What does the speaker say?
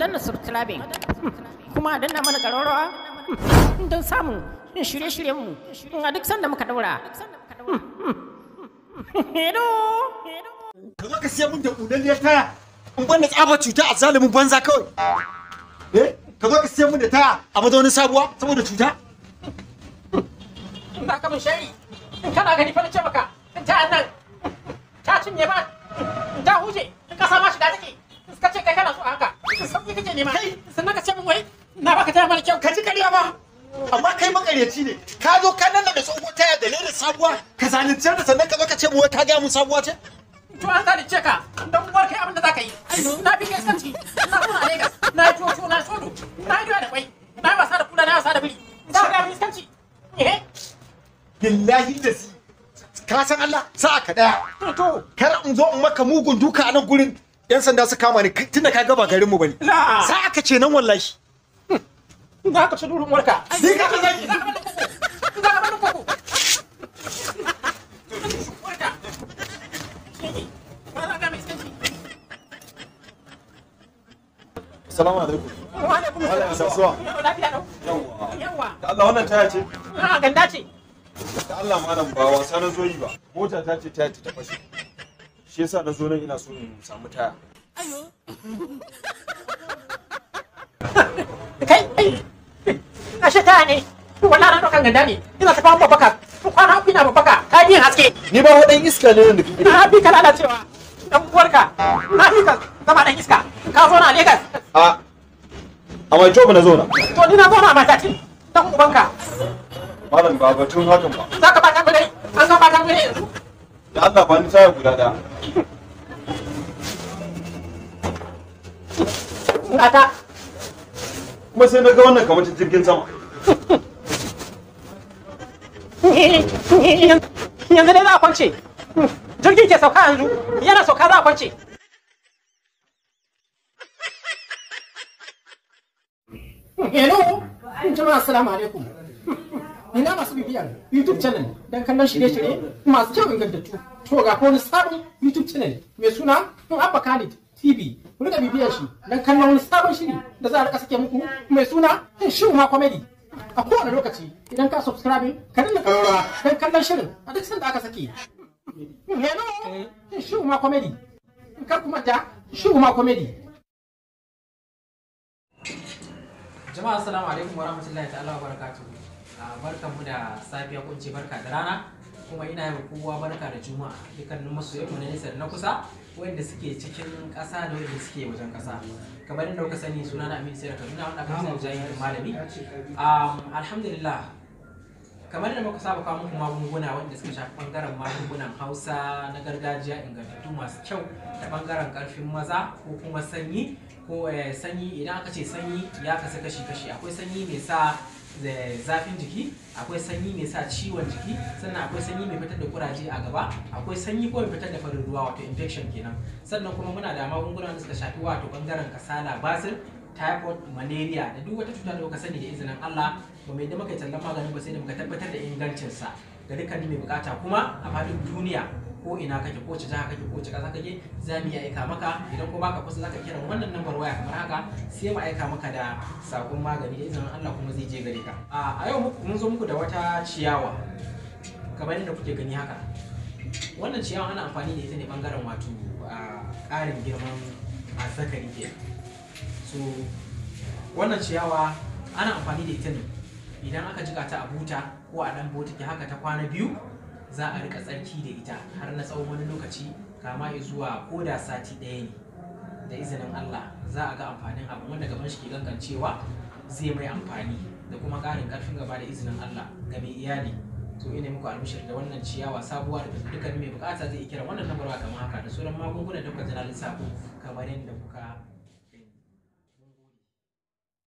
danna subscribing kuma danna mana ƙararrawa don samun shirye-shiryenmu a duk sanda muka daura. Hedo! Ka zo ka siya min da udan ya taya in ban da tsaba cuta a zalimin banza kawai. Eh, ka zo ka siya min da taya a mazaunin sabuwa saboda cuta. Ba ka mun shari. In kana gani fa na ce maka, in ta nan ta cinye ba, in ta huje, in ka sama shiga take. Suka ce kai kana so a haka. da sauki kake nema kai sannan ka ce min wai na baka taya mana kyau ka ji kariya ba amma kai makaryaci ne ka zo ka nan da tsoho taya da lele sabuwa ka zalunce da sannan ka zo ka ce mu wai ka gaya mun sabuwa ce to an zalunce ka dan uwar kai abin da ka yi na fi kai sanci na kuma Lagos na yi tuwo na shodo na yi da kwai na wasa da kula na wasa da biri za ka ga sanci billahi da ka san Allah sa'a ka daya to kar in zo in maka mugun duka a nan gurin yan sanda su kama ni tunda ka gaba garin mu bane sai aka ce nan wallahi hmm. za ka ci durin warka sai ka zaki Salamu alaikum. Wa alaikum salam. yawa. Yawwa. Allah wannan taya ce? Ah ganda ce. Allah malam ba wasa na zo yi ba. Mota ta ce taya ta fashe. shi yasa na zo nan ina so in samu taya ayo kai ashe taya ne wala ran dokan ganda ne ina ta fama baka kwana uku ina baka ka biyan haske ni ba wadan iska ne da kike na bi ka lalacewa dan uwarka na fi ka zama dan iska ka zo na Lagos a a mai job na zo na to ni na zo na mata ta dan ubanka malam ba batun hakan ba zaka ba ka gure an ga ba ka gure yanzu da Allah ba ni saya guda ɗaya. Ata. Kuma sai na ga wannan kamar ta jirgin sama. Yanzu dai za a kwance. Jirgin ke sauka yanzu. Yana sauka za a kwance. Hello. Jama'a assalamu alaikum. ina masu bibiyar YouTube channel don kallon shirye-shirye masu kyau ingantattu. To ga wani sabon YouTube channel mai suna Tun Abba Khalid TV. Ku rika bibiyar shi don kallon wani sabon shiri da za a rika sake muku mai suna Tun Shiru Comedy. A kowane lokaci idan ka subscribe ka dinga kalora don kallon shirin a duk sanda aka sake. Hello, Tun Shiru Comedy. Kar kuma Comedy. Jama'a assalamu alaikum warahmatullahi ta'ala wa barakatuhu. mu da safiya ko ce barka da rana kuma ina yi kowa barka da juma'a dukkanin masoyanmu na nesa na kusa wanda suke cikin ƙasa da wanda suke wajen ƙasa kamar inda kuka sani suna na amin sayar kaduna wanda aka sani jayin malami alhamdulillah kamar da muka saba kawo muku magunguna wanda suka shafi bangaren magungunan hausa na gargajiya ingantattu masu kyau ta bangaren karfin maza ko kuma sanyi ko eh, sanyi idan aka ce sanyi ya kasa kashi-kashi akwai sanyi mai sa eh, zafin jiki akwai sanyi mai sa ciwon jiki sannan akwai sanyi mai fitar da kuraje a gaba akwai sanyi ko mai fitar da farin ruwa wato infection kenan sannan kuma muna da magungunan da suka shafi wato bangaren kasala basir typhoid malaria da duk wata cuta da muka sani da izinin Allah ba mai da muka tallan maganin ba sai da muka tabbatar da ingancinsa ga dukkan mai bukata kuma a faɗin duniya ko ina kake ko jiha kake ko ƙasa kake za mu iya aika maka idan ko baka kusa zaka kira wannan lambar waya kamar haka sai mu aika maka da sakon magani da izinin Allah kuma zai je gare ka a yau mun zo muku da wata ciyawa kamar yadda kuke gani haka wannan ciyawa ana amfani da ita ne bangaren wato ƙarin girman azzakari kenan so wannan ciyawa ana amfani da ita ne idan aka jika ta a buta ko a dan botiki haka ta kwana biyu za a rika tsarki da ita har na tsawon wani lokaci kama zuwa ko da sati ɗaya ne da izinin Allah za a ga amfanin abu wanda gaban shi ke gangancewa zai mai amfani da kuma ƙarin ƙarfin gaba da izinin Allah ga mai iyali to ina muku albishir da wannan ciyawa sabuwa da dukkan mai bukata zai kira wannan lambarwa kamar haka da sauran magunguna da kuka jira sako kamar yadda kuka